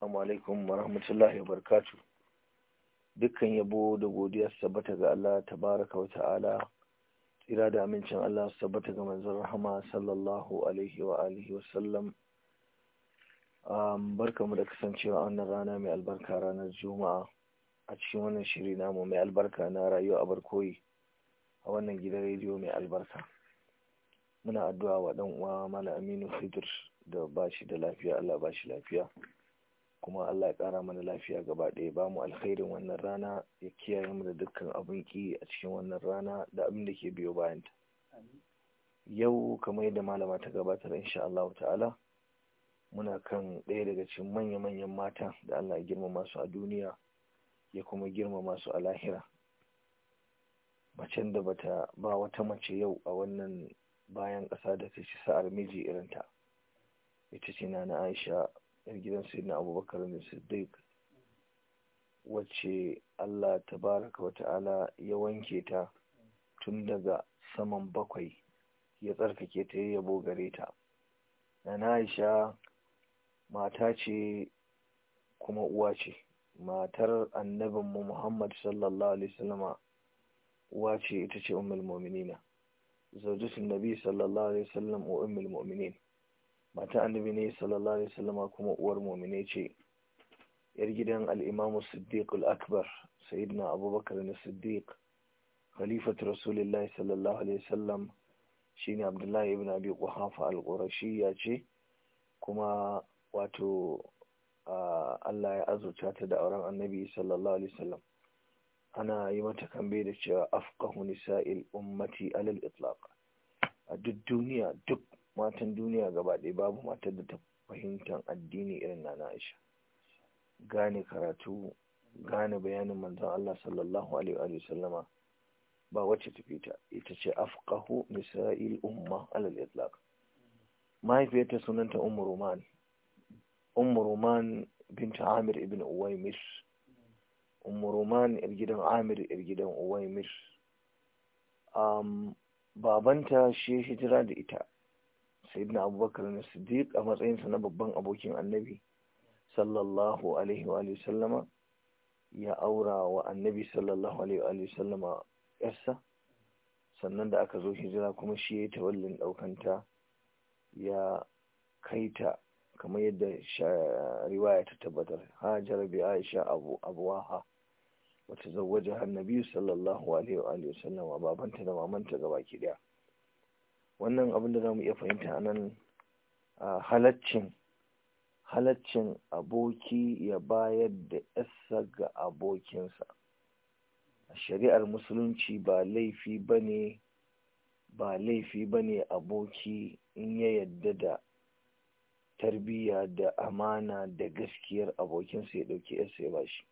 Assalamu alaikum wa rahmatullahi wa barakatu. Dukkan yabo da godiya su tabbata ga Allah tabaraka wa ta'ala. Tsira da amincin Allah su tabbata ga manzon rahama sallallahu alaihi wa alihi wa sallam. Um, barkamu da kasancewa wannan rana mai albarka ranar Juma'a a cikin wannan shiri namu mai albarka na rayuwa a barkoyi a wannan gidan rediyo mai albarka. Muna addu'a wa ɗan uwa Malam Aminu Fidir da bashi da lafiya Allah bashi lafiya. kuma Allah ya ƙara mana lafiya gaba ɗaya ba mu alkhairin wannan rana ya kiyaye mu da dukkan abin ki a cikin wannan rana da abin da ke biyo bayan ta yau kamar yadda malama ta gabatar insha Allah ta'ala muna kan ɗaya daga cikin manya-manyan mata da Allah ya girmama su a duniya ya kuma girmama su a lahira macen da bata ba wata mace yau a wannan bayan ƙasa da ta ci sa'ar miji irinta ita ce na na Aisha 'yar gidan na abubakar ne siddiq wacce allah tabaraka wa ta'ala ya wanke ta tun daga saman bakwai ya tsarkake ta ya yabo gare ta na aisha mata ce kuma uwa ce matar annabinmu muhammad sallallahu alaihi salama uwa ce ita ce umar mominina zaujisun nabi sallallahu alaihi salama umar mominina Mata annabi ne sallallahu alaihi wasallama kuma uwar mu'mine ce yar gidan al-imam siddiq al-akbar sayyidina abubakar na siddiq khalifatu rasulillahi sallallahu alaihi wasallam shine abdullahi ibn abi quhafa al-qurashi ya ce kuma wato Allah ya azurta ta da auren annabi sallallahu alaihi wasallam ana yi mata kambe da cewa afqahu nisa'il ummati alal itlaq a duk duniya duk matan duniya gaba ɗaya babu matar da ta fahimtar addini irin na Aisha gane karatu gane bayanin manzon Allah sallallahu alaihi wa sallama ba wacce tafi ta ita ce afqahu nisa'il umma alal itlaq mahaifiyarta sunanta ummu ruman ummu ruman binta amir ibn uwaimir ummu ruman yar gidan amir yar gidan uwaimir um, babanta shi hijira da ita sayyidina abubakar na siddiq a matsayinsa na babban abokin annabi sallallahu alaihi wa sallama ya aura wa annabi sallallahu alaihi wa sallama yarsa sannan da aka zo hijira kuma shi ya yi tawallin ɗaukanta ya kaita kamar yadda riwaya ta tabbatar hajar bi aisha abu abuwaha wata zawaja sallallahu alaihi wa sallama babanta da mamanta gaba ki daya wannan abin da za mu iya fahimta a nan halaccin halaccin aboki ya bayar da yassa ga abokinsa a shari'ar musulunci ba laifi ba ne ba laifi ba ne aboki in ya yadda da tarbiyya da amana da gaskiyar abokinsa ya ɗauki yarsa ya bashi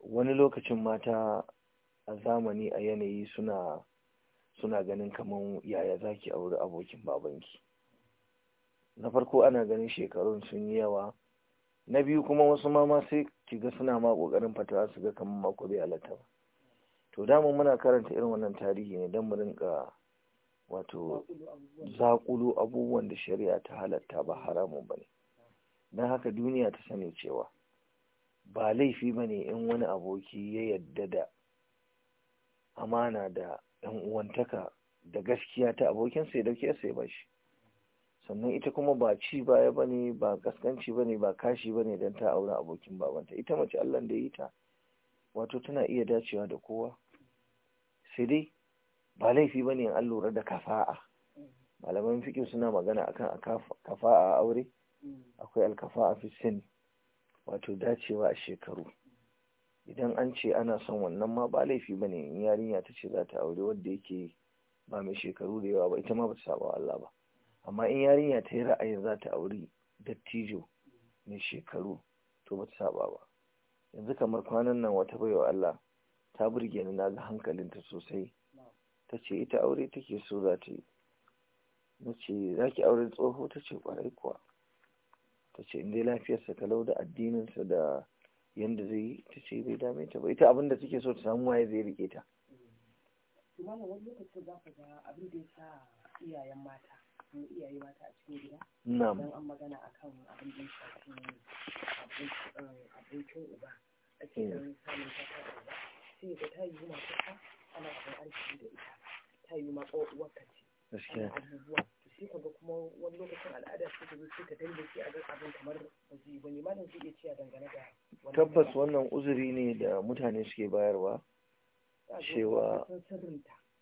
wani lokacin mata a zamani a yanayi suna suna ganin kamar yaya zaki auri abokin babanki na farko ana ganin shekarun sun yi yawa na biyu kuma wasu mama sai ki ga suna ma kokarin fatawa su ga kaman mako bai halatta ba to dama muna karanta irin wannan tarihi ne don mu rinka wato zakulu abubuwan da shari'a ta halatta ba haramun bane don haka duniya ta sani cewa ba laifi ne in wani aboki ya yadda da amana da ɗan uwantaka da gaskiya ta abokinsa ya dauke sai ya bashi sannan ita kuma ba ci baya ba ne, ba kaskanci ne, ba kashi ba ne, dan ta aure abokin babanta ita mace Allah da yi ta wato tana iya dacewa da kowa sai dai ba laifi bane in an lura da kafa'a malaman fikin suna magana akan kafa'a aure mm. akwai alkafa'a fi sin wato dacewa a shekaru idan an ce ana son wannan ma ba laifi bane in yarinya ta ce za ta aure wanda yake ba mai shekaru da yawa ba ita ma ba ta saba Allah ba amma in yarinya ta yi ra'ayin za ta aure dattijo mai shekaru to ba ta saba ba yanzu kamar kwanan nan wata baiwa Allah ta burge ni na ga hankalinta sosai ta ce ita aure take so za ta yi na ce za ki auren tsoho ta ce kwarai kuwa ta ce in dai lafiyarsa kalau da addininsa da yanda zai ta ce bai dame ta ba ita abin da take so ta samu waye zai rike ta wani lokaci za ka ga abin da ya sa iyayen mata iyaye mata a cikin gida don an magana akan abin da ya shafi eh, abokin eh, uba ake ganin samun da uba sai ga ta yi mata ana da arziki da ita ta yi ma uwarka ce gaskiya abubuwa sai ku ga kuma wani lokacin al'ada sai zo sai a ga abin kamar bane zai iya dangane da tabbas wannan uzuri ne da mutane suke bayarwa cewa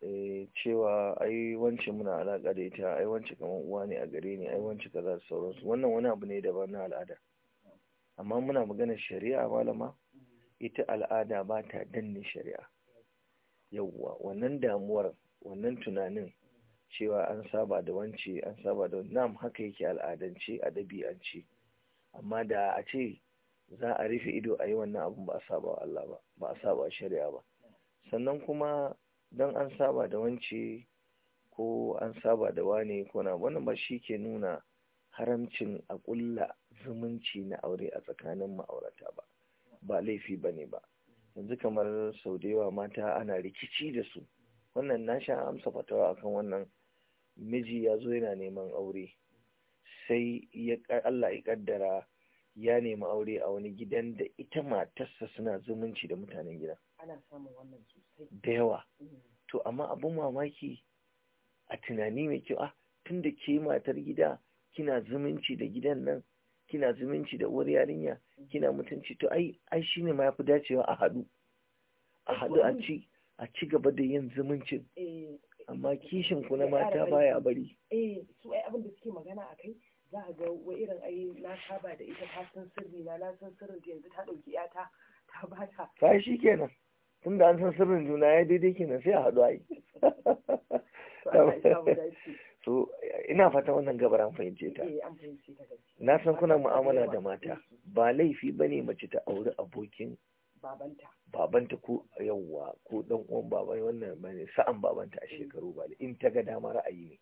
eh, cewa ai wance muna alaka da ita ai wance kamar uwa ne a gare ni ai wance kaza da sauransu wannan wani abu ne daban na al'ada amma muna magana shari'a malama mm. ita al'ada ba ta danne shari'a yawwa wannan damuwar wannan tunanin cewa an saba da wance an saba da nam haka yake al'adance a dabi'ance amma da a ce za a rufe ido a yi wannan abin ba a saba Allah ba ba a saba shari'a ba sannan kuma don an saba da wance ko an saba da wane ko na wannan ba shi ke nuna haramcin a ƙulla zumunci na aure a tsakanin ma'aurata ba ba laifi ba ne ba yanzu kamar sau da yawa mata ana rikici da su wannan na sha amsa fatawa akan wannan miji ya zo yana neman aure sai ya Allah ya kaddara ya nemi aure a wani gidan da ita matarsa suna zumunci da mutanen gidan da yawa mm. to amma abun mamaki a tunani mai kyau ah tun da ke matar gida kina zumunci da gidan nan kina zumunci da uwar yarinya mm. kina mutunci to ai ai shine ma yafi dacewa a hadu a hadu a ci a ci gaba da yin zumuncin eh, amma kishin ku na mata baya bari eh su ai abin da suke magana akai za a ga wa irin ai na saba da ita ta sirri na na san yanzu ta dauki ya ta bata ta shi kenan da an san sirrin juna ya daidai kenan sai a haɗu ai so ina fata wannan gabar an fahimce ta eh, na san kuna mu'amala da mata ba laifi bane mace ta auri abokin babanta ko yawwa ko dan uwan baban wannan bane sa'an babanta a shekaru ba in ta ga dama ra'ayi ne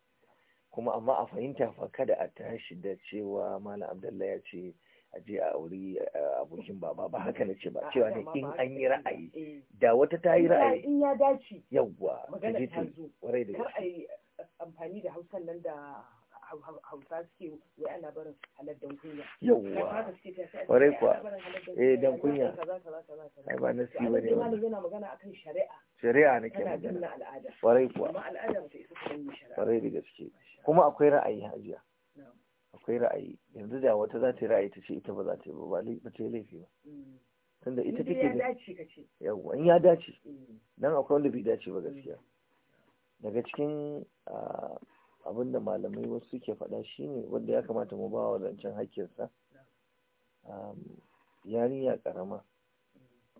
kuma amma a fahimta fa kada a tashi da cewa malam abdullahi ya ce a je a wuri abokin baba ba haka na ce ba cewa ne in an yi ra'ayi eh. da wata ta yi ra'ayi in ya dace yawwa ta je ta a da amfani da hausan nan da hausa suke wai ana barin halar dan yawwa kwarai kuwa eh dan kunya ai ba nasi ba ne malam yana magana akan shari'a shari'a ke magana al'ada kwarai kuwa amma al'ada ba isa ta yi shari'a kwarai da gaske kuma akwai ra'ayi hajiya akwai ra'ayi yanzu da wata za ta yi ra'ayi ta ce ita ba za ta yi ba ba ta yi laifi ba mm. tunda ita take da yawwa in ya dace mm. dan akwai wanda bai dace ba gaskiya mm. daga cikin ah, abinda malamai wasu suke faɗa shi ne wanda ya kamata mu ba wa zancen haƙƙinsa yarinya ƙarama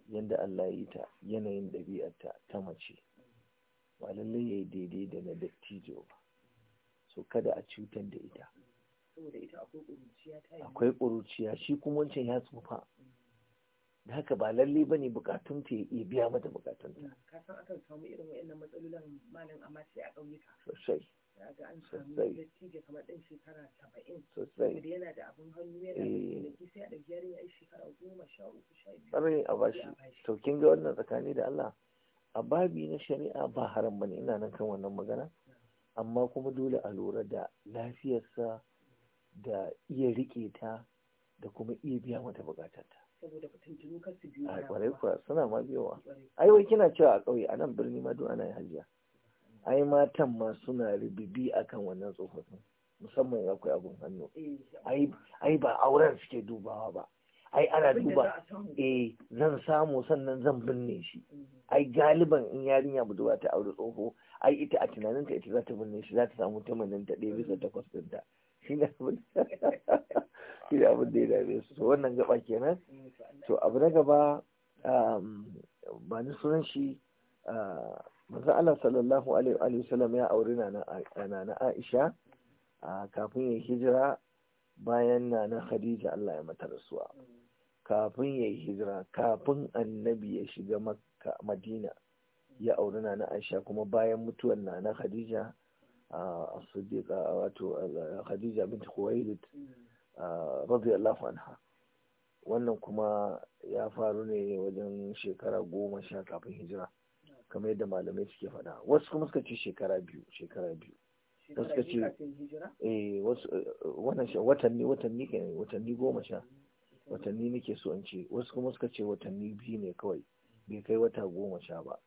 yadda Allah ya yi ta yanayin ɗabi'arta ta mace ba lallai ya yi daidai da na dattijo ba so kada a cutar da ita akwai ƙuruciya shi kuma wancan ya tsufa da haka ba lallai ba ne bukatun ta ya biya mata bukatun ta. Kasan samu irin wa'annan matsalolin amma sai a ƙauyuka. Sosai. ga an samu sosai yana da abin hannu yana da eh. sai a shekara sha uku sha biyu bashi to kin ga wannan tsakani da Allah a babi na shari'a ba haram bane ina nan kan wannan magana amma kuma dole a lura da lafiyarsa da iya riƙe ta da kuma iya biya mata buƙatarta saboda a suna ma biyowa ai wai kina cewa a ƙauye a nan birni ma duk ana yin hajiya ai matan ma suna ribibi akan wannan tsofaffin musamman ya kai abun hannu ai ba auren suke dubawa ba ai ana duba eh zan samu sannan zan binne shi ai galiban in yarinya budurwa ta aure tsoho ai ita a tunaninta ita za ta binne shi za ta samu tamanin ta ɗaya bisa takwas ɗinta shi ne abin da ya dame su to wannan gaba kenan to abu na gaba um, ba ni sunan shi uh, manzo Allah sallallahu alaihi wa sallam ya auri nana na Aisha kafin ya hijira bayan nana Khadija Allah ya mata rasuwa kafin ya hijira kafin annabi ya shiga Makka Madina ya auri nana Aisha kuma bayan mutuwar nana na Khadija as-siddiqa wato Khadija bint Khuwailid radiyallahu anha wannan kuma ya faru ne wajen shekara goma sha kafin hijira kamar yadda malamai suke faɗa wasu kuma suka ce shekara biyu shekara biyu wasu suka ce eh wasu eh, wannan watanni watanni ke watanni goma sha watanni nake so in ce wasu kuma suka ce watanni biyu ne kawai bai kai wata goma sha ba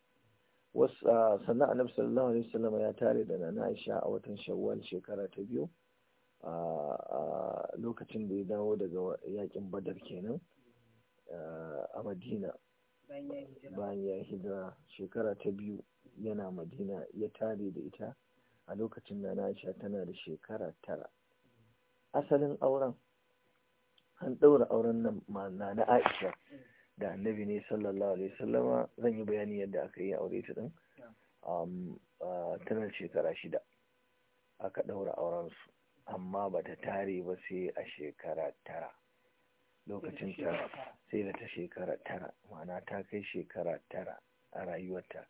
wasu ah, sannan annabi sallallahu alaihi wasallam ya tare da nana Aisha a watan Shawwal shekara ta biyu a ah, ah, lokacin da ya dawo daga yakin Badar kenan a Madina bayan ya hijira shekara ta biyu yana madina ya tare da ita a lokacin da Aisha tana da shekara tara asalin auren an ɗaura auren nan na aisha da annabi ne sallallahu alaihi sallama zan yi bayani yadda aka yi aure ta ɗin um, tana shekara shida aka ɗaura auren su amma ba ta tare ba sai a shekara tara lokacin ta sai da ta shekara tara ma'ana ta kai shekara tara a rayuwarta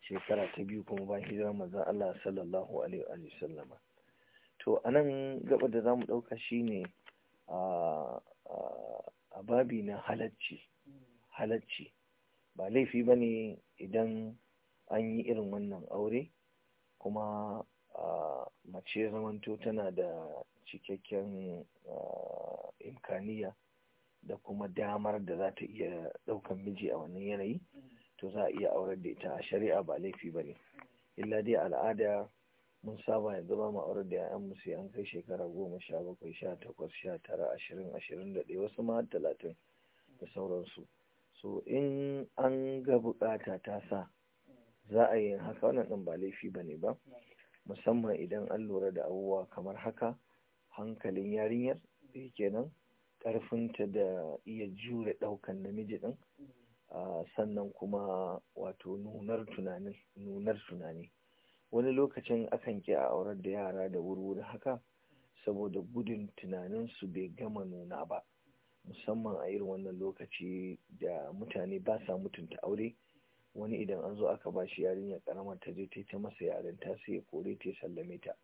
shekara ta biyu kuma ba hijira manzon Allah sallallahu alaihi wa sallama to anan gaba da zamu dauka shine a a babi na halacci halacci ba laifi bane idan an yi irin wannan aure kuma mace zamanto tana da cikakken imkaniya da kuma damar da za ta iya ɗaukan miji a wannan yanayi to za a iya aurar da ita a shari'a ba laifi ba ne illa dai al'ada mun saba yanzu ba mu aurar da yayan sai an kai shekara goma sha bakwai sha takwas sha tara ashirin ashirin da ɗaya wasu ma talatin da sauransu so in an ga bukata ta sa za a yi haka wannan ɗin ba laifi ba ne ba musamman idan an lura da abubuwa kamar haka hankalin yarinyar kenan ƙarfinta da iya jure ɗaukan namiji ɗin sannan kuma wato nunar tunani wani lokacin akan ki a aurar da yara da wurwuri haka saboda gudun tunanin su bai gama nuna ba musamman a irin wannan lokaci da mutane ba sa mutunta aure wani idan an zo aka ba shi yarinya karamar ta je ta ta masa yaren ta sai ya kore ta sallame ta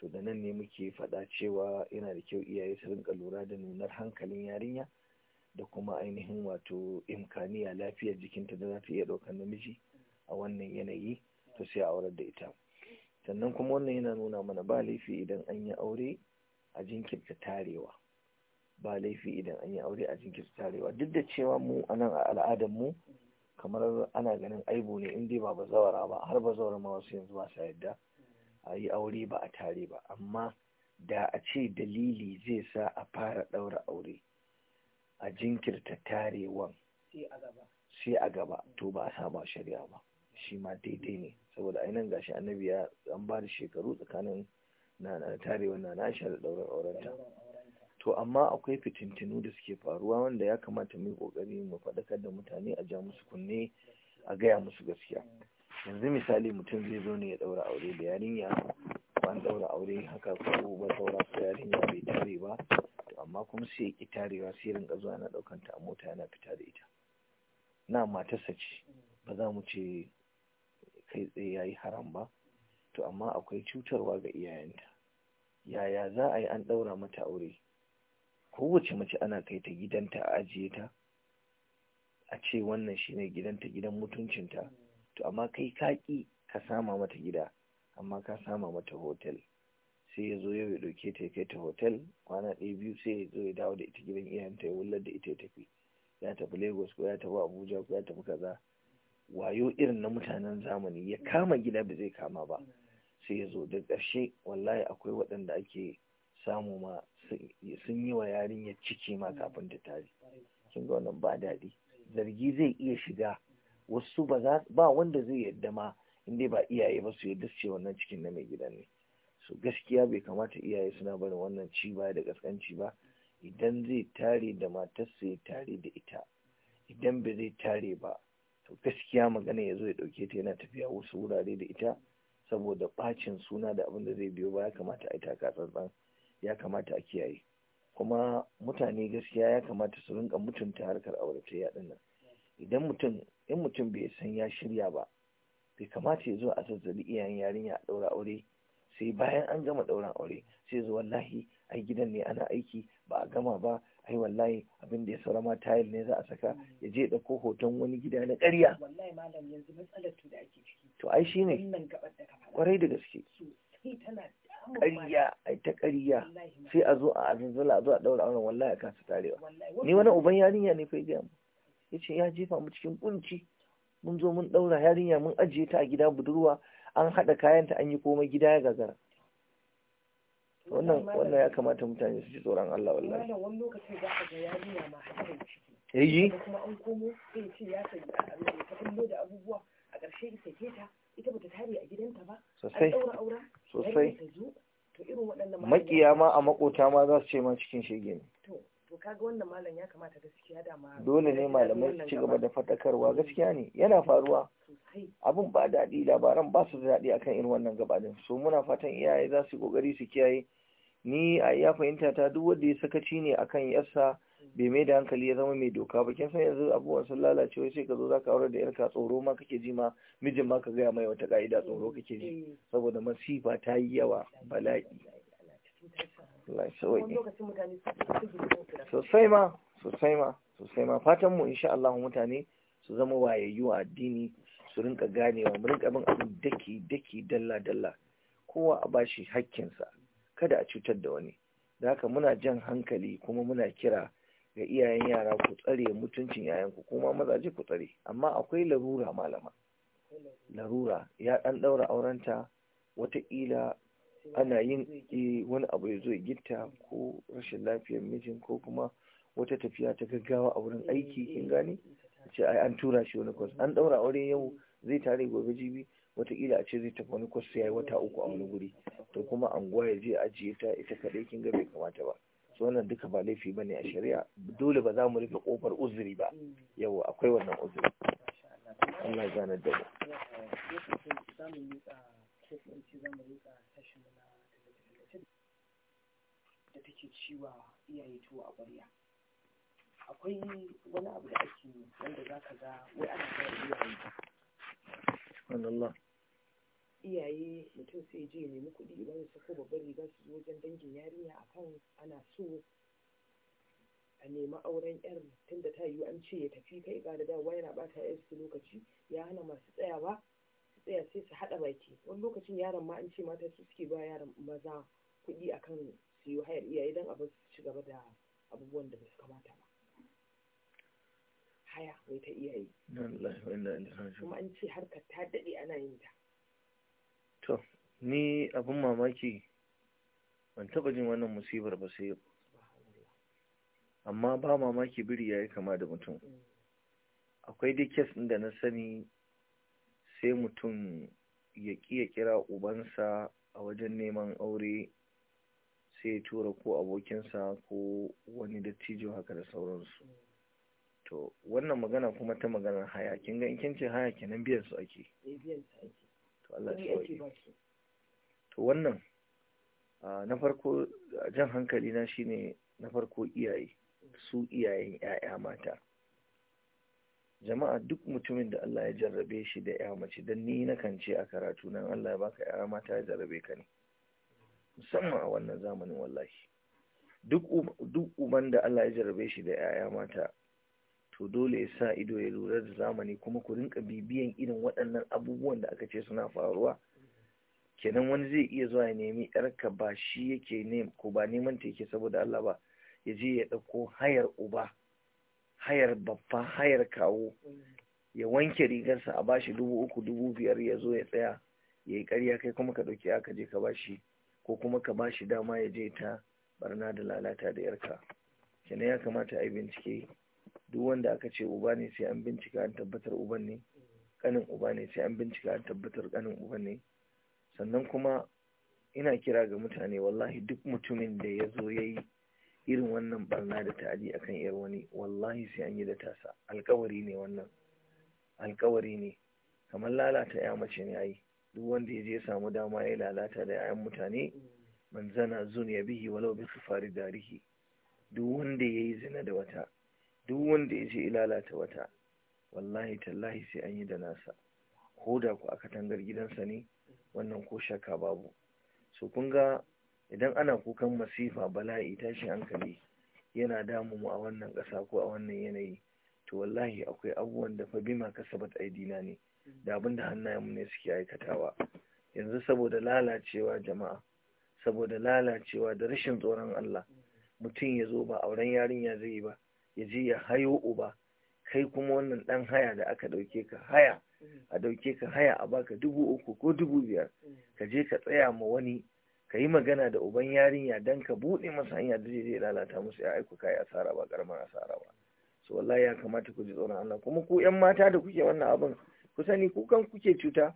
to da nan ne muke faɗa cewa yana da kyau iyaye su rinka lura da nunar hankalin yarinya da kuma ainihin wato imkaniya lafiyar jikinta da za ta iya ɗaukar namiji a wannan yanayi to sai a aurar da ita sannan kuma wannan yana nuna mana ba laifi idan an yi aure a jinkirta tarewa ba laifi idan an yi aure a jinkirta tarewa duk da cewa mu a nan a al'adar mu kamar ana ganin aibu ne in dai ba bazawara ba har bazawara ma wasu yanzu ba sa yadda a yi aure ba a tare ba amma da a ce dalili zai sa a fara ɗaura aure a jinkirta tarewan sai a gaba to ba a saba shari'a ba shi ma daidai ne saboda ainihin gashi annabi ya an ba da shekaru tsakanin na tarewan na nasha da ɗaurar aurenta to amma akwai fitintinu da suke faruwa wanda ya kamata mu yi ƙoƙari mu faɗakar da mutane a ja musu kunne a gaya musu gaskiya mm. yanzu misali mutum zai zo ne ya daura aure da yarinya ban daura aure haka ko ba saura ko yarinya bai tare ba to amma kuma sai ya ki tarewa sai rinka zuwa na ɗaukanta a mota yana fita da ita na matarsa ce ba za mu ce kai tsaye ya yi haram ba to amma akwai cutarwa ga iyayenta yaya za a yi an daura mata aure kowace mace ana kai ta gidanta a ajiye ta a ce wannan shine gidanta gidan mutuncinta to amma kai kaƙi, ka sama mata gida amma ka sama mata hotel sai ya zo yau ya ɗauke ta ya kai ta hotel kwana ɗaya biyu sai ya zo ya dawo da ita gidan ta ya wullar da ita ya tafi ya tafi lagos ko ya tafi abuja ko ya tafi kaza wayo irin na mutanen zamani ya kama gida ba zai kama ba sai ya zo da ƙarshe wallahi akwai waɗanda ake samu ma sun yi wa yarinyar ciki ma kafin ta tari. kin ga wannan ba daɗi zargi zai iya shiga wasu ba za ba wanda zai yadda ma inda ba iyaye ba su yadda su ce wannan cikin na mai gidan ne so gaskiya bai kamata iyaye suna barin wannan ci ba da gaskanci ba idan zai tare da matarsa ya tare da ita idan ba zai tare ba to gaskiya magana ya zo ya ɗauke ta yana tafiya wasu wurare da ita saboda ɓacin suna da abin da zai biyo ba ya kamata a yi takatsantsan ya kamata a kiyaye kuma mutane gaskiya ya kamata su rinka mutunta harkar auratayya ɗin nan idan mutum in mutum bai san ya shirya ba bai kamata ya zo a zazzabi iyayen yarinya a ɗaura aure sai bayan an gama ɗauran aure sai zo wallahi ai gidan ne ana aiki ba a gama ba ai wallahi abin da ya saura ma tayil ne za a saka ya je ɗauko hoton wani gida na ƙarya wallahi malam yanzu matsalar da ake ciki to ai shine kwarai da gaske ƙarya ai ta ƙarya sai a zo a azunzula a zo a ɗaura auren wallahi a kasa tarewa ni wani uban yarinya ne fa ya gaya mu ya ce ya jefa mu cikin kunci mun zo mun daura, yarinya mun ajiye ta a gida budurwa an haɗa kayanta an yi komai gida ya gagara wannan wannan ya kamata mutane su ji tsoron Allah wallahi wani lokacin za ka ga yarinya ma hadarin ciki yayi eh, kuma an komo sai ce ya sai ta kullo da abubuwa a ƙarshe ita ke ta ita bata tare a gidanta ba sosai sosai to irin waɗannan makiya ma a makota ma za su ce ma cikin shege ne to to kaga wannan dole ne malamai su ci gaba da fadakarwa gaskiya ne yana faruwa abin ba daɗi labaran ba su da daɗi akan irin wannan gabaɗin so muna fatan iyaye za su kokari su kiyaye ni a iya fahimta ta duk wanda ya sakaci ne akan yarsa bai mai da hankali ya zama mai doka ba kin yanzu abubuwan sun lalace wai sai ka zo zaka aure da yarka tsoro ma kake ji ma mijin ma ka gaya mai wata ka'ida tsoro kake ji eh, eh. saboda masifa ta yi yawa bala'i sosai ma sosai ma sosai ma fatan mu insha Allah mutane su zama wayayyu a addini su rinka ganewa mu rinka bin abin daki daki dalla dalla kowa a bashi hakkinsa kada a cutar da wani da haka muna jan hankali kuma muna kira ga iyayen yara ku tsare mutuncin yayanku kuma mazaje ku tsare amma akwai larura malama larura ya dan daura aurenta ila. ana yin eh, wani abu ya zo gitta ko rashin lafiyar mijin ko kuma wata tafiya ta gaggawa a wurin aiki kin gane ce ai an tura shi wani kwas an daura aure yau zai tare gobe jibi Wataƙila a ce zai tafi wani kwas sai ya yi wata uku a wani guri to kuma anguwa ya je ajiye ta ita kaɗai kin ga bai kamata ba so wannan duka ba laifi ba ne a shari'a dole ba za mu rufe kofar uzuri ba yau akwai wannan uzuri Allah ya gane da mu sai in ce zan rika sashen na tallace da take ciwa iyaye tuwo a ƙwarya akwai wani abu da ake yi wanda za ka ga wai ana kawo iyaye iyaye mutum sai je nemi kuɗi idan su ko babban riga su zo wajen dangin yarinya akan ana so a nemi auren yar tunda ta yiwu an ce ya tafi kai ga da dawa yana bata 'yarsu lokaci ya hana masu tsayawa tsaya sai su haɗa baki wani lokacin yaron ma an ce mata su suke ba yaron maza kuɗi akan su yi hayar iyaye don abin su ci gaba da abubuwan da ba su kamata ba haya wai ta iyaye kuma an ce harkar ta daɗe ana yin ta to ni abin mamaki ban taɓa jin wannan musibar ba sai amma ba mamaki biri ya yi kama da mutum mm. akwai dai kes ɗin da na sani sai mutum ya ya kira ubansa a wajen neman aure sai ya tura ko abokinsa ko wani dattijo haka da sauransu to wannan magana kuma ta maganar haya kin ga in ce haya kenan biyan su ake eh, to Allah ya to wannan na farko jan hankali na shine na farko iyaye su iyayen 'ya'ya mata jama'a duk mutumin da Allah ya jarrabe shi da ya mace don ni na kan a karatu nan Allah ya baka ya mata ya jarrabe ka ne musamman a wannan zamanin wallahi duk uban da Allah ya jarrabe shi da ya mata to dole ya sa ido ya lura da zamani kuma ku rinka bibiyan irin waɗannan abubuwan da aka ce suna faruwa kenan wani zai iya zuwa ya nemi yarka ba shi yake ne ko ba neman ta yake saboda Allah ba ya je ya ɗauko hayar uba hayar babba hayar kawo ya wanke rigarsa a bashi dubu uku dubu biyar ya zo ya tsaya ya yi karya kai kuma ka ɗauki aka je ka bashi ko kuma ka bashi dama ya je ta barna da lalata da yarka kenan ya kamata a yi bincike duk wanda aka ce uba ne sai an bincika an tabbatar uban ne kanin uba ne sai an bincika an tabbatar kanin uban ne sannan kuma ina kira ga mutane wallahi duk mutumin da ya zo ya yi irin wannan barna da ta'adi akan yar wani wallahi sai an yi da tasa alkawari ne wannan alkawari ne kamar lalata ya mace ne ai duk wanda ya je ya samu dama ya lalata da 'ya'yan mutane man zana zun ya bihi walau bi sufari darihi duk wanda ya yi zina da wata duk wanda ya je lalata wata wallahi tallahi sai an yi da nasa ko da ku a katangar gidansa ne wannan ko shakka babu so kun ga idan ana kukan masifa bala'i tashin hankali yana damu mu a wannan ƙasa ko a wannan yanayi to wallahi akwai abubuwan da fa bima kasabat aidina ne da abin da mu ne suke aikatawa yanzu saboda lalacewa jama'a saboda lalacewa da rashin tsoron Allah mutum ya zo ba auren yarinya zai yi ba ya je ya hayo uba kai kuma wannan dan haya da aka dauke ka haya a dauke ka haya a baka dubu uku ko dubu biyar ka je ka tsaya ma wani ka yi magana da uban yarinya don ka buɗe masa hanya da zai lalata musu ya aiko kai asara ba karamar asara ba so wallahi ya kamata ku ji tsoron Allah kuma ku ƴan mata da kuke wannan abin ku sani ku kan kuke cuta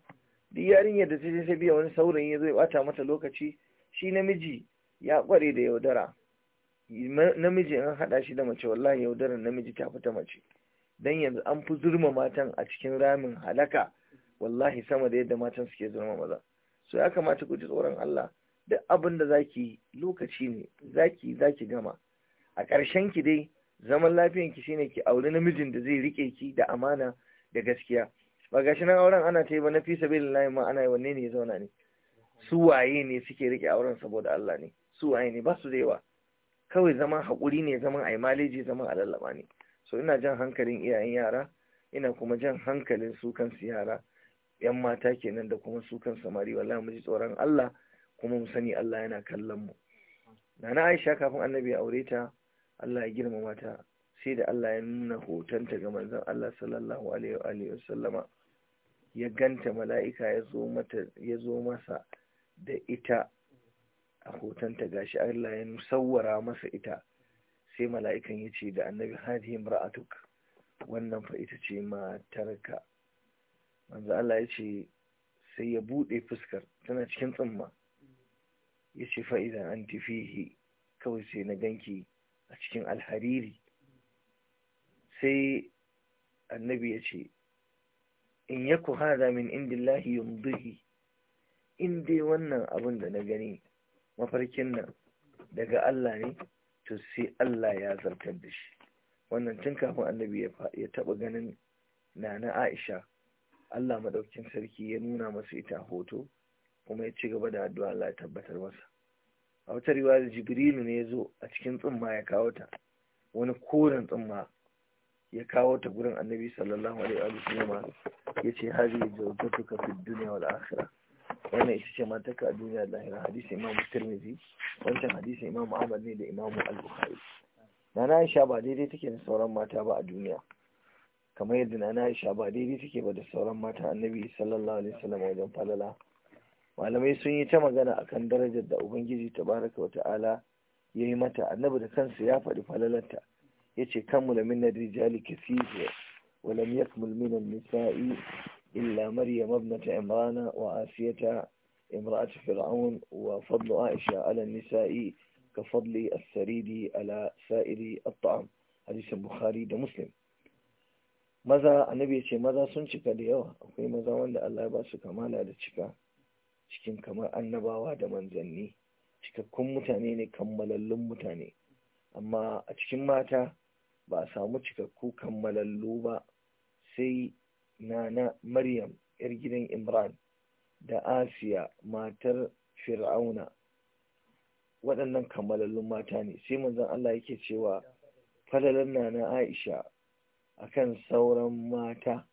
duk yarinyar da ta ta biya wani saurayi ya zo ya bata mata lokaci shi namiji ya kware da yaudara namiji an haɗa shi da mace wallahi yaudarar namiji ta fita mace dan yanzu an fi zurma matan a cikin ramin halaka wallahi sama da yadda matan suke zurma maza Su ya kamata ku ji tsoron Allah duk abin da zaki lokaci ne zaki zaki gama a ƙarshen ki dai zaman lafiyan ki shine ki auri namijin da zai rike ki da amana da gaskiya ba gashi nan auren ana ta yi ba na bai sabilillahi ma ana yi wanne ne ya zauna ne su waye ne suke rike auren saboda Allah ne su waye ne ba su da yawa kawai zaman haƙuri ne zaman ai maleji zaman alallama ne so ina jan hankalin iyayen yara ina kuma jan hankalin su kansu yara yan mata kenan da kuma su kan samari wallahi mu ji tsoron Allah kuma mu sani Allah yana kallon mu nana Aisha kafin annabi ya aure ta Allah ya girmama ta sai da Allah ya nuna hotonta ga manzon Allah sallallahu alaihi wa wasallama ya ganta mala'ika ya zo mata ya zo masa da ita a hotonta gashi Allah ya musawwara masa ita sai mala'ikan ya ce da annabi hadihi imra'atuk wannan fa ita ce matarka manzo Allah ya ce sai ya bude fuskar tana cikin tsumma ya ce fa'iza an tafihi kawai sai na ganki a cikin alhariri sai annabi ya ce in yaku hada min indillahi yumdihi in dai wannan abin da na gani mafarkin nan daga Allah ne to sai Allah ya zartar da shi wannan tun kafin annabi ya taɓa ganin nana Aisha Allah maɗaukin sarki ya nuna masu ita hoto kuma ya ci gaba da addu'a Allah ya tabbatar masa a wata riwaya jibrilu ne ya zo a cikin tsumma ya kawo ta wani koren tsumma ya kawo ta gurin annabi sallallahu alaihi wa sallam ya ce hazi ka fi dunya wal akhirah wannan ita ce mata ka duniya da lahira hadisi imam tirmidhi wancan hadisi imam ahmad ne da imam al-bukhari nana aisha ba daidai take da sauran mata ba a duniya kamar yadda nana aisha ba daidai take ba da sauran mata annabi sallallahu alaihi wa sallam wajen falala malamai sun yi ta magana a kan darajar da ubangiji baraka wa ta'ala ya yi mata annabi da kansa ya faɗi falalata ya ce kan mulamin na rijali kasiru wa lam yakmul mulminan nisa'i illa maryam ibnat imran wa asiyata imra'at fir'aun wa fadlu aisha ala nisa'i ka fadli as-saridi ala sa'iri at-ta'am hadisin bukhari da muslim maza annabi ya ce maza sun cika da yawa akwai maza wanda Allah ya ba su kamala da cika cikin kamar annabawa da manzanni cikakkun mutane ne kammalallun mutane amma a cikin mata ba a samu cikakku kammalallu ba sai nana maryam yar gidan imran da asiya matar fir'auna waɗannan kammalallun mata ne sai manzan Allah yake cewa falalar nana aisha akan sauran mata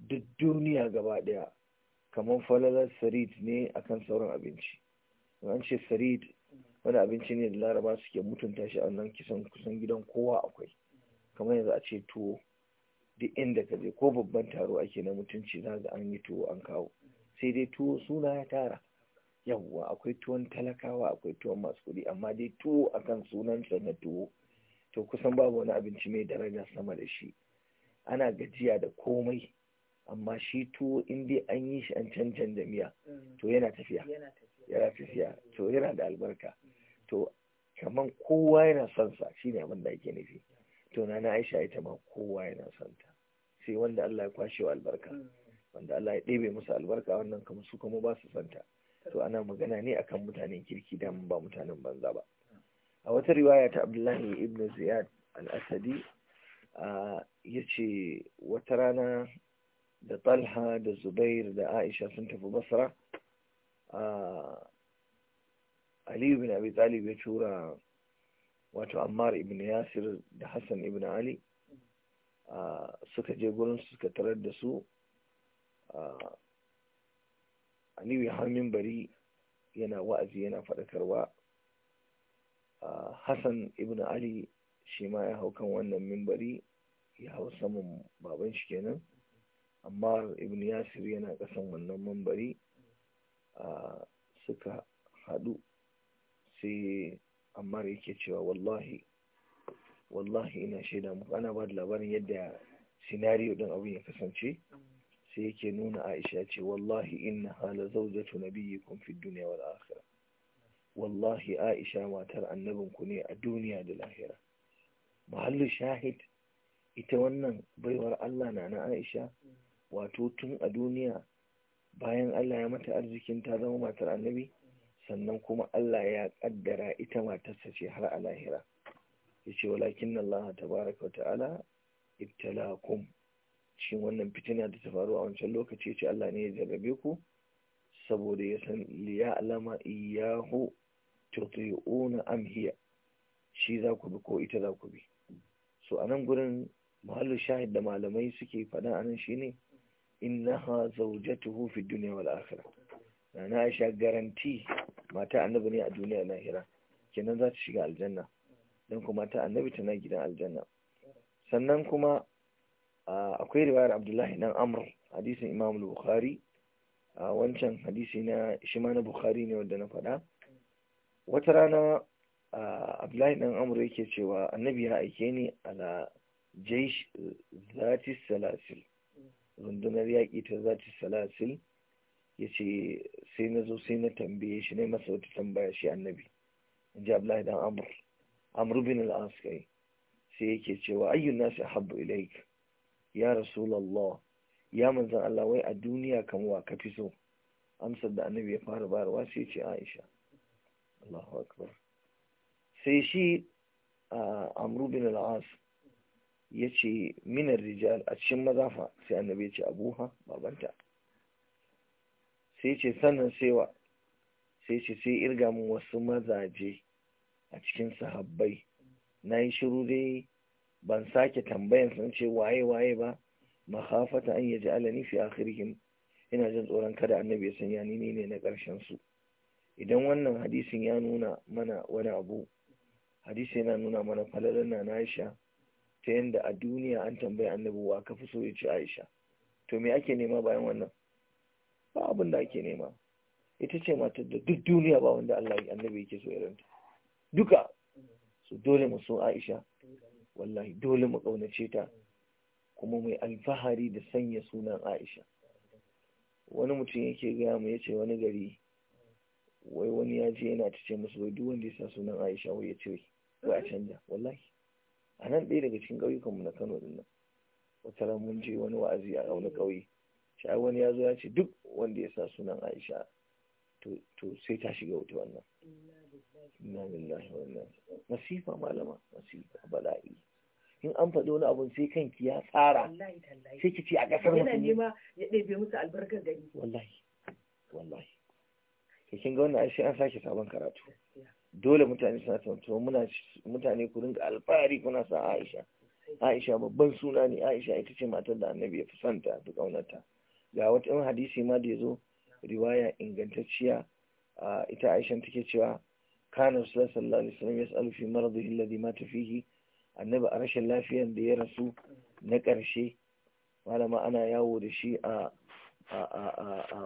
duk duniya gaba ɗaya kamar falalar sarid ne akan sauran abinci an ce sarid wani abinci ne da laraba suke mutunta shi a nan kisan kusan gidan kowa akwai kamar yanzu a ce tuwo duk inda ka je ko babban taro ake na mutunci za ga an yi tuwo an kawo sai dai tuwo suna ya tara yawwa akwai tuwon talakawa akwai tuwon masu kuɗi amma dai tuwo akan sunansa na tuwo to kusan babu wani abinci mai daraja sama da shi ana gajiya da komai amma shi tuwo in dai an yi shi an cancan da miya mm. to yana tafiya yana tafiya to yana da albarka mm. to kaman kowa yana son sa shine abin da ake nufi to na Aisha ita ma kowa yana son ta sai wanda Allah ya kwashe albarka mm. wanda Allah ya ɗebe masa albarka wannan kamar su kuma ba su son ta to ana magana ne akan mutanen kirki da ba mutanen banza ba a wata riwaya ta Abdullahi ibn Ziyad al-Asadi ya ce wata rana da talha da zubair da aisha sun tafi basra aliyu bin abi talib ya tura wato ammar ibn yasir da hassan ibn ali suka je gurin suka tarar da su aliyu ya bari yana wa'azi yana faɗakarwa hassan ibn ali shi ma ya hau kan wannan mimbari ya hau saman baban shi kenan amma ibn yasir yana kasan wannan mambari suka haɗu sai amma yake cewa wallahi wallahi ina shaida muku ana ba da labarin yadda sinariyo din abin ya kasance sai yake nuna aisha ce wallahi inna hala zaujatu nabiyyikum fi dunya wal akhirah wallahi aisha matar annabinku ne a duniya da lahira mahallu shahid ita wannan baiwar Allah na na aisha wato tun a duniya bayan Allah ya mata arzikin ta zama matar annabi sannan kuma Allah ya kaddara ita matarsa ce har a lahira yace walakin Allah tabaraka ta'ala ibtalakum shi wannan fitina da ta faru a wancan lokaci yace Allah ne ya jarrabe ku saboda ya san liya alama iyahu tuti'una hiya shi za ku bi ko ita za ku bi so anan gurin mahallin shahid da malamai suke faɗa anan shine innaha zawjatuhu fi duniya wal akhirah na Aisha garanti mata annabi ne a duniya lahira kenan za ta shiga aljanna dan kuma ta annabi tana gidan aljanna sannan kuma akwai riwayar Abdullahi dan Amr hadisin imamul Bukhari a wancan hadisi na shima na Bukhari ne wanda na faɗa wata rana Abdullahi ɗan Amr yake cewa annabi ya aike ni ala jaish zati salasil rundunar yaƙi ta ta salasil ya ce sai na zo sai na tambaye shi ne masa wata tambaya shi annabi in ji abu dan amur amur bin al'as sai yake cewa ayyun nasu habbu ilaik ya rasulallah ya manzan Allah wai a duniya kan wa ka so amsar da annabi ya fara bayarwa sai ce aisha allahu akbar sai shi amru bin al'as ya ce minar rijal a cikin mazafa sai annabi ya ce abuha babanta sai ce sannan saiwa sai ce sai irga mu wasu mazaje a cikin sahabbai na yi shiru dai ban sake tambayan sun ce waye waye ba mahafata an yaji alani fi akhirihim ina jin tsoron kada annabi ya sanya ni ne na ƙarshen su idan wannan hadisin ya nuna mana wani abu hadisi yana nuna mana falalar na Aisha ta yadda a duniya an tambaya annabuwa ka fi so ya ce aisha to me ake nema bayan wannan ba abin da ake nema ita ce matar da duk duniya ba wanda Allah annabi yake so ta duka su dole mu so aisha wallahi dole mu kaunace ta kuma mai alfahari da sanya sunan aisha wani mutum yake gaya mu ya ce wani gari wai wani ya je yana ta ce musu wai duk wanda ya sa sunan aisha wai ya ce wai a canja wallahi a nan ɗaya daga cikin ƙauyukanmu na kano din nan wata ran mun je wani wa'azi a wani ƙauye shi ai wani ya zo ya ce duk wanda ya sa sunan aisha to sai ta shiga wuta wannan inna lillahi wa inna masifa malama masifa bala'i in an faɗi wani abun sai kanki ya tsara sai ki ce a ƙasar mutum yana ya ɗebe musu albarkar gari wallahi wallahi kin ga wannan ai sai an sake sabon karatu dole mutane suna tantuwa mutane ku rinka alfahari kuna sa Aisha Aisha babban suna ne Aisha ita ce matar da Annabi ya fi santa da kaunata ga wata yan hadisi ma da ya zo riwaya ingantacciya ita Aisha take cewa kana Rasulullah sallallahu alaihi wasallam yas'alu fi maradihi alladhi mata fihi Annabi a rashin lafiyar da ya rasu na karshe malama ana yawo da shi a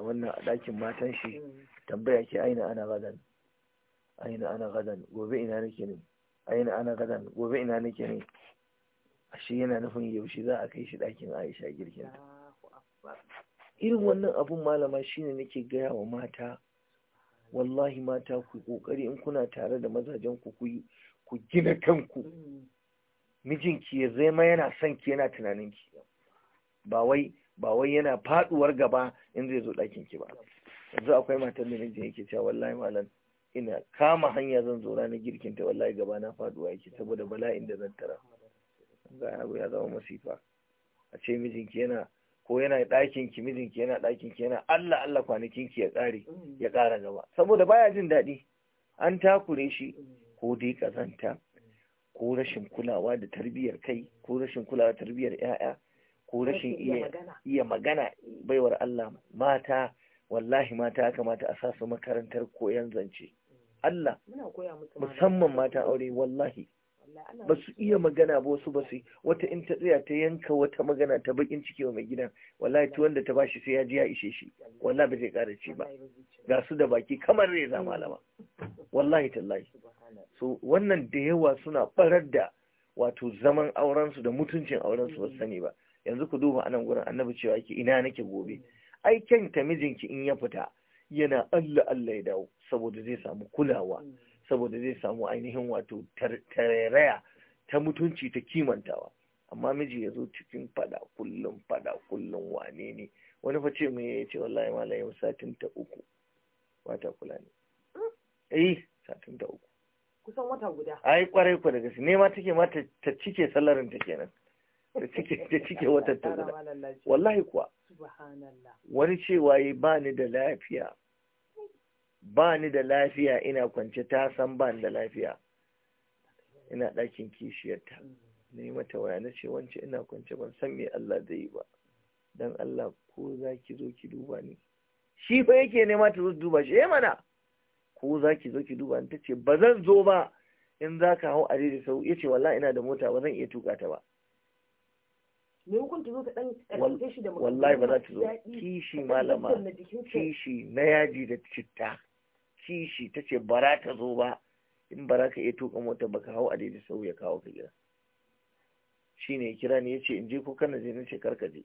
wannan matan shi tambaya ke aina ana ni. aina ana gadan gobe ina nake ne aina ana gadan gobe ina nake ne ashe yana nufin yaushe za a kai shi ɗakin Aisha girkin ta irin wannan abun malama shine nake gaya wa mata wallahi mata ku kokari in kuna tare da mazajen ku ku gina kanku mm. mijinki ya zama yana son ki yana tunanin ki ba wai ba wai yana faduwar gaba in zai zo ɗakin ki ba yanzu akwai matar da mijin yake cewa wallahi malam ina kama hanya zan zo ranar girkin ta wallahi gaba na faduwa yake saboda bala'in da zan tara ga abu ya zama masifa a ce mijinki yana ko yana ɗakin ki mijinki yana ɗakin ki yana Allah Allah kwanakin ki ya ƙare ya ƙara gaba saboda baya jin daɗi an takure shi ko dai kazanta ko rashin kulawa da tarbiyyar kai ko rashin kulawa da tarbiyyar ƴaƴa ko rashin iya iya magana baiwar Allah mata wallahi mata ya kamata a sa su makarantar koyon zance Allah musamman matan aure wallahi ba su iya magana ba wasu ba su wata in ta tsaya ta yanka wata magana ta bakin ciki wa mai gidan wallahi tuwon da ta shi sai ya ji ya ishe shi wallahi ba zai kara ci ba ga su da baki kamar rai za malama wallahi tallahi so wannan da yawa suna barar da wato zaman auren da mutuncin auren su ba mm. sani ba yanzu ku duba anan gurin annabi cewa ki ina nake gobe ai kyan ta mijinki in ya fita yana Allah Allah ya dawo saboda zai samu kulawa mm. saboda zai samu ainihin wato tarairaya ta mutunci ta kimantawa amma miji ya zo cikin fada kullum fada kullum wane ne wani fa ce mai ya ce wallahi ma yau satin ta uku wata kula ne mm. eh satin ta uku kusan wata guda ai kwarai ku da gaske ne ma take ma ta cike salarin ta kenan ta cike ta cike wata ta guda wallahi kuwa subhanallah wani cewa yi ba ni da lafiya ba ni da lafiya ina kwance ta san ba ni da lafiya ina ɗakin kishiyarta na yi mata waya na ce wance ina kwance ban san me Allah zai yi ba don Allah ko za ki zo ki duba ni shi fa yake nema ta zo duba shi eh mana ko za ki zo ki duba ni ta ce ba zan zo ba in za ka hau a da sau ya ce wallahi ina da mota ba zan iya tuka ta ba maimakon ta zo ta dan wallahi ba za ta zo kishi malama kishi na yaji da citta kishi ta ce bara ta zo ba in bara ka iya tuka mota baka hau a daidai sau ya kawo ka gida shi ne kira ne ya ce in je ko kana je na ce karka je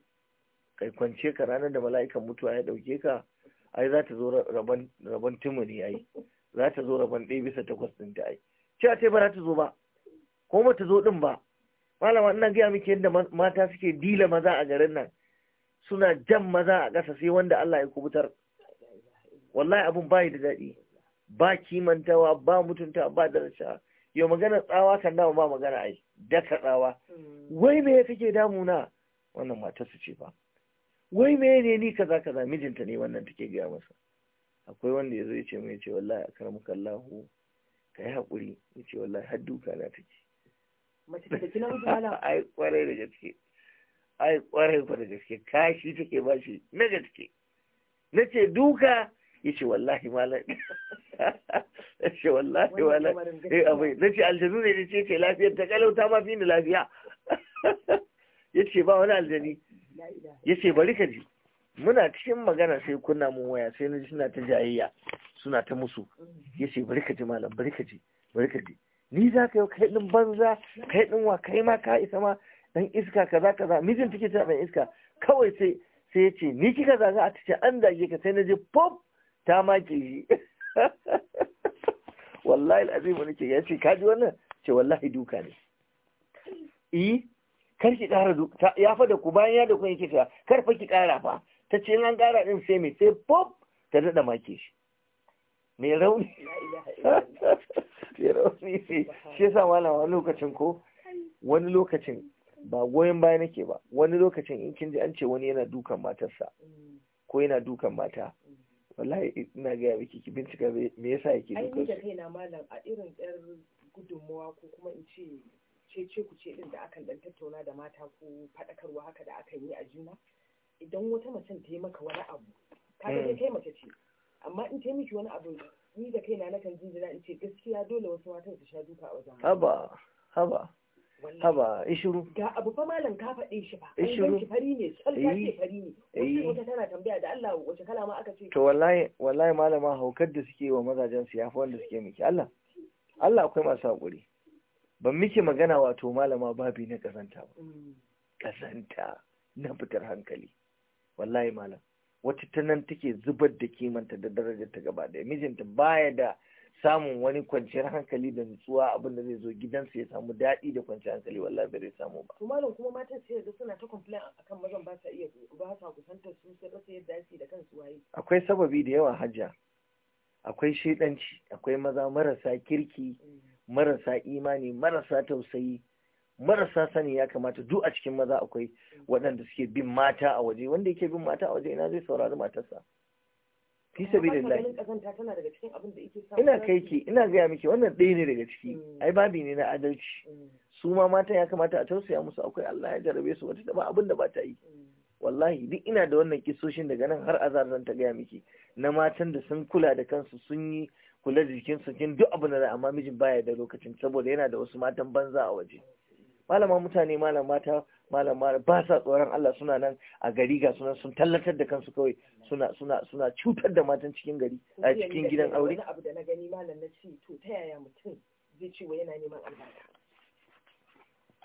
kai kwance ka ranar da mala'ikan mutuwa ya ɗauke ka ai za ta zo rabon timuni ai za ta zo rabon ɗaya bisa takwas ɗin ta ai ce a ba za ta zo ba ko ba ta zo ɗin ba malama ina gaya miki yadda mata suke dila maza a garin nan suna jan maza a ƙasa sai wanda Allah ya kubutar wallahi abun bayi da daɗi ba kimantawa ba mutunta ba daraja yau magana tsawa kan dama ba magana ai daka tsawa mm. wai me kake damuna wannan mata su ce ba wai me ne ni kaza kaza mijinta ne wannan take gaya masa akwai wanda ya zo ya ce mai ce wallahi akramaka Allahu kai hakuri ya ce wallahi har duka na take mace ta kina mutala ai kwarai da gaske ai kwarai da gaske kashi take bashi na gaske ce duka yace wallahi malam yace wallahi malam eh abai nace aljanu ne nace yace lafiyar ta kalauta ma fi ni lafiya yace ba wani aljani yace bari ka ji muna cikin magana sai kunna mun waya sai na suna ta jayayya suna ta musu mm. yace bari ka ji malam bari ka ji bari ka ji ni za ka yi kai din banza kai din wa kai ma ka isa ma dan iska kaza kaza mijin take ta dan iska kawai sai sai yace ni kika zaga a tace an dage ka sai na je pop ta make shi wallahi wani nake ya ce kaji wannan ce wallahi duka ne eh kar ki ƙara duka ya fada ku bayan ya da ku yake cewa kar fa ki ƙara fa ta ce an ƙara din sai mai sai pop ta daɗa maki shi me rauni me rauni sai shi yasa malama wani lokacin ko wani lokacin ba goyon baya nake ba wani lokacin in kin ji an ce wani yana dukan matarsa ko yana dukan mata wallahi ina gaya miki ki bincika me yasa yake dokar ni da na malam a irin ɗan gudunmawa ko kuma in ce ce ku ce din da akan dan tattauna da mata ko faɗakarwa haka da akan yi a juna idan wata macen ta yi maka wani abu ka ga mm. kai mace ce amma in ta yi miki wani abu ni da kaina nakan jinjina in ce gaskiya dole wasu matan su sha duka a wajen haba haba haba ishiru ga abu fa malam ka faɗe shi ba ishiru ki fari ne sal ka ce fari ne wani wata tana tambaya da Allah wace kalama aka ce to wallahi wallahi malama haukar da suke wa mazajen su yafi wanda suke miki Allah Allah akwai masu hakuri ban miki magana wato malama babi na kazanta ba kazanta na fitar hankali wallahi malam wata tanan take zubar da kimanta da darajar ta gaba da mijinta baya da samun wani kwanciyar hankali da nutsuwa abin da zai zo gidansa ya samu daɗi da kwanciyar hankali wallahi bai zai samu ba. Malam kuma matan sai da suna ta complain akan mazan ba sa iya ba sa kusantar su sai rasa yadda ake da kansu waye. Akwai sababi da yawa hajja. Akwai shaidanci, akwai maza marasa kirki, mm. marasa imani, marasa tausayi, marasa sani ya kamata duk a cikin maza akwai mm. waɗanda suke bin mata a waje wanda yake bin mata a waje ina zai saurari matarsa. fi sabilillahi ina kai ki ina gaya miki wannan ɗaya ne daga ciki mm. ai babi ne na adalci mm. su ma matan ya kamata a tausaya musu akwai Allah ya jarabe su wata daban abin da ba ta yi mm. wallahi duk ina da wannan kisoshin daga nan har azar zan ta gaya miki na matan da sun kula da kansu sun yi kula da jikinsu kin duk abin da amma mijin baya da lokacin saboda yana da wasu matan banza a waje malama mutane malam mata malam malam ba sa tsoron Allah suna nan a gari ga sunan sun tallatar da kansu kawai suna suna suna cutar da matan cikin gari a cikin gidan aure abu da na gani malam na ce to ta yaya mutum zai ce wa yana neman albarka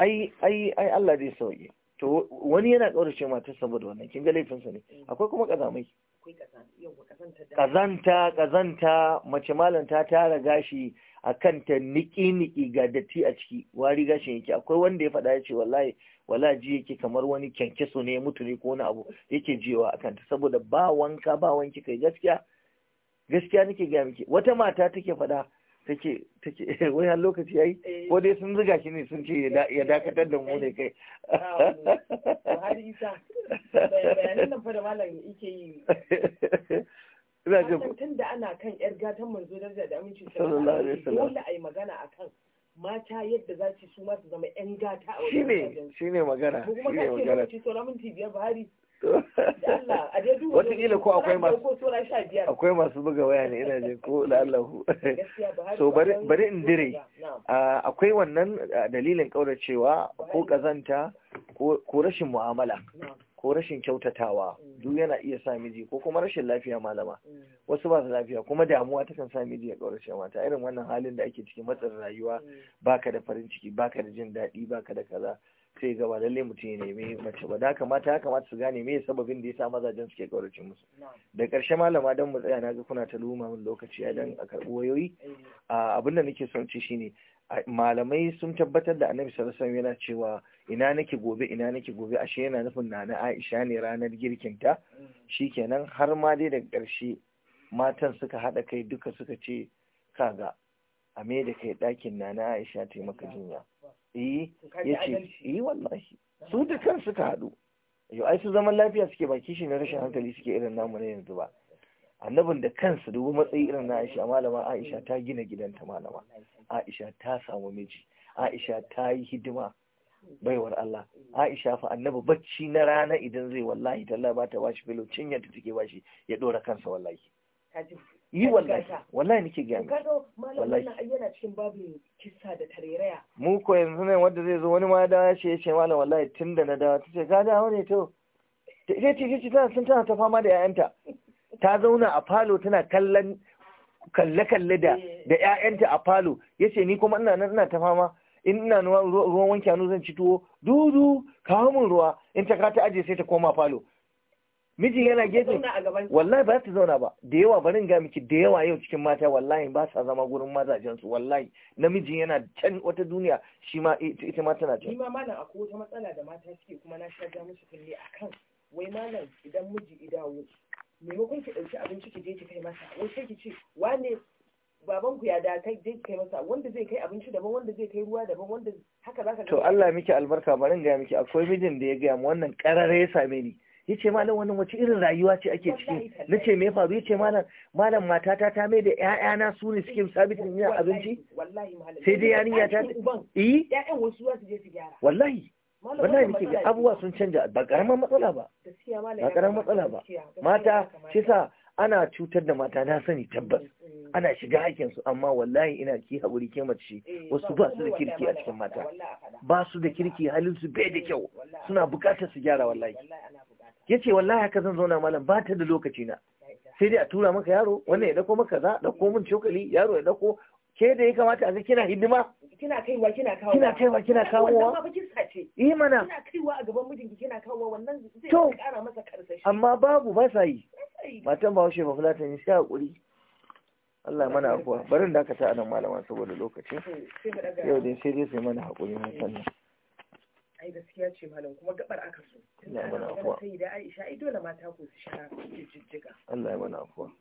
ai ai ai Allah zai sauke to wani yana kaurace matarsa saboda wannan kin ga laifinsa ne mm. akwai kuma kazamai kazanta kazanta mace malam ta tara gashi a kanta niki-niki ga datti a ciki wari gashin yake akwai wanda ya faɗa ya ce wallahi wala ji yake kamar wani kyankyaso ne mutu ne ko wani abu yake jewa a kanta saboda ba wanka ba wanki kai gaskiya gaskiya nake ga miki wata mata take faɗa take take wai har lokaci yayi eh. ko dai sun zuga shi ne sun ce ya dakatar da mu ne kai har isa bayanan nan fa da malam yake yi ina jin tun da ana kan yar gatan manzo da aminci sallallahu alaihi wasallam dole ai magana akan mata yadda za su su ma su zama yan gata a wajen shine shine magana ne magana kuma kake lokaci to na minti biyar Buhari Wataƙila ko akwai masu buga waya ne ina jin ko Allah So bari in dire akwai wannan dalilin ƙauracewa ko ƙazanta ko rashin mu'amala ko rashin kyautatawa mm. duk yana iya sa miji ko kuma rashin lafiya malama mm. wasu ba su lafiya kuma damuwa ta kan sa miji ya ƙaurace mata irin wannan halin da ake cikin matsin rayuwa mm. baka da farin ciki baka da jin daɗi baka da kaza sai ga ba mutum ya nemi mace ba da kamata ya kamata su gane me sababin da yasa mazajen suke kauracin musu da karshe malama dan mu tsaya kuna ta luma min lokaci a dan a karbi wayoyi eh. ah, abin da nake son ci shine malamai sun tabbatar da annabi sallallahu alaihi yana cewa ina nake gobe ina nake gobe ashe yana nufin nana Aisha ne ranar girkin shi mm. shikenan har ma dai daga karshe matan suka hada kai duka suka ce kaga a me da kai dakin nana Aisha ta maka mm. jinya eh yace eh wallahi su da kan suka haɗu yau ai su zaman lafiya suke ba kishi na rashin hankali suke irin namu na yanzu ba annabin da kansu dubu matsayi irin na Aisha malama Aisha ta gina gidanta malama Aisha ta samu miji Aisha ta yi hidima baiwar Allah Aisha fa annabi bacci na rana idan zai wallahi talla ba ta bashi filo cinyar ta take bashi ya dora kansa wallahi yi wallahi wallahi nake gaya miki wallahi yana cikin babu kissa da tareraya mu ko yanzu ne wanda zai zo wani ma da ya ce ya ce malam wallahi tunda na dawo tace ka da ne to ita ce ce tana sun tana ta fama da 'ya'yanta ta zauna a falo tana kallon kalle-kalle da da yayanta a falo yace ni kuma ina nan ina ta fama in ina ruwan wanke hannu zan ci tuwo dudu kawo min ruwa in ta ka ta aje sai ta koma falo miji yana gefe wallahi ba ta zauna ba da yawa barin ga miki da yawa yau cikin mata wallahi ba sa zama gurin mazajen su wallahi namiji yana can wata duniya shi ma ita ma tana can shi ma mana akwai wata matsala da mata suke kuma na sha ja musu kulle akan wai mana idan miji idawo maimakon ki dauki abinci ki je ki kai masa wai sai ki ce wane baban ku ya da kai je ki kai masa wanda zai kai abinci daban wanda zai kai ruwa daban wanda haka zaka to Allah miki albarka barin ga miki akwai mijin da ya ga mu wannan karare ya same ni ya ce malam wannan wace irin rayuwa ce ake ciki na ce mai faru ya ce malam malam matata ta mai da ƴaƴana su ne suke sabita ne yin abinci sai dai yarinya ta yi eh? ƴaƴan wasu za su je su gyara wallahi wallahi nake ga abubuwa sun canja ba karamar matsala ba ba karamar matsala ba mata shi sa ana cutar da mata na sani tabbas eh, eh. ana shiga hakin su amma wallahi ina ki haƙuri ke mace wasu ba su da kirki a cikin mata ba su da kirki halin su bai da kyau suna buƙatar su gyara wallahi ya ce wallahi haka zan zauna malam ba ta da lokaci na sai dai a tura maka yaro wannan ya dako maka za dako min cokali yaro ya dako ke da ya kamata a ga kina hidima kina kaiwa kina kawo kina kaiwa kina kawowa sace eh mana kina kaiwa a gaban mijinki kina kawowa wannan zai kara masa karsashi amma babu ba sa yi matan Bahaushe ba fulatan sai hakuri Allah mana afuwa barin da aka ta anan malama saboda lokacin eh, yau dai sai dai sai mana hakuri mun sanna ai gaskiya ce malam kuma gabar aka so. Allah ya mana afuwa. Sai da Aisha ai dole mata ku su sha jijjiga. Allah ya mana afuwa.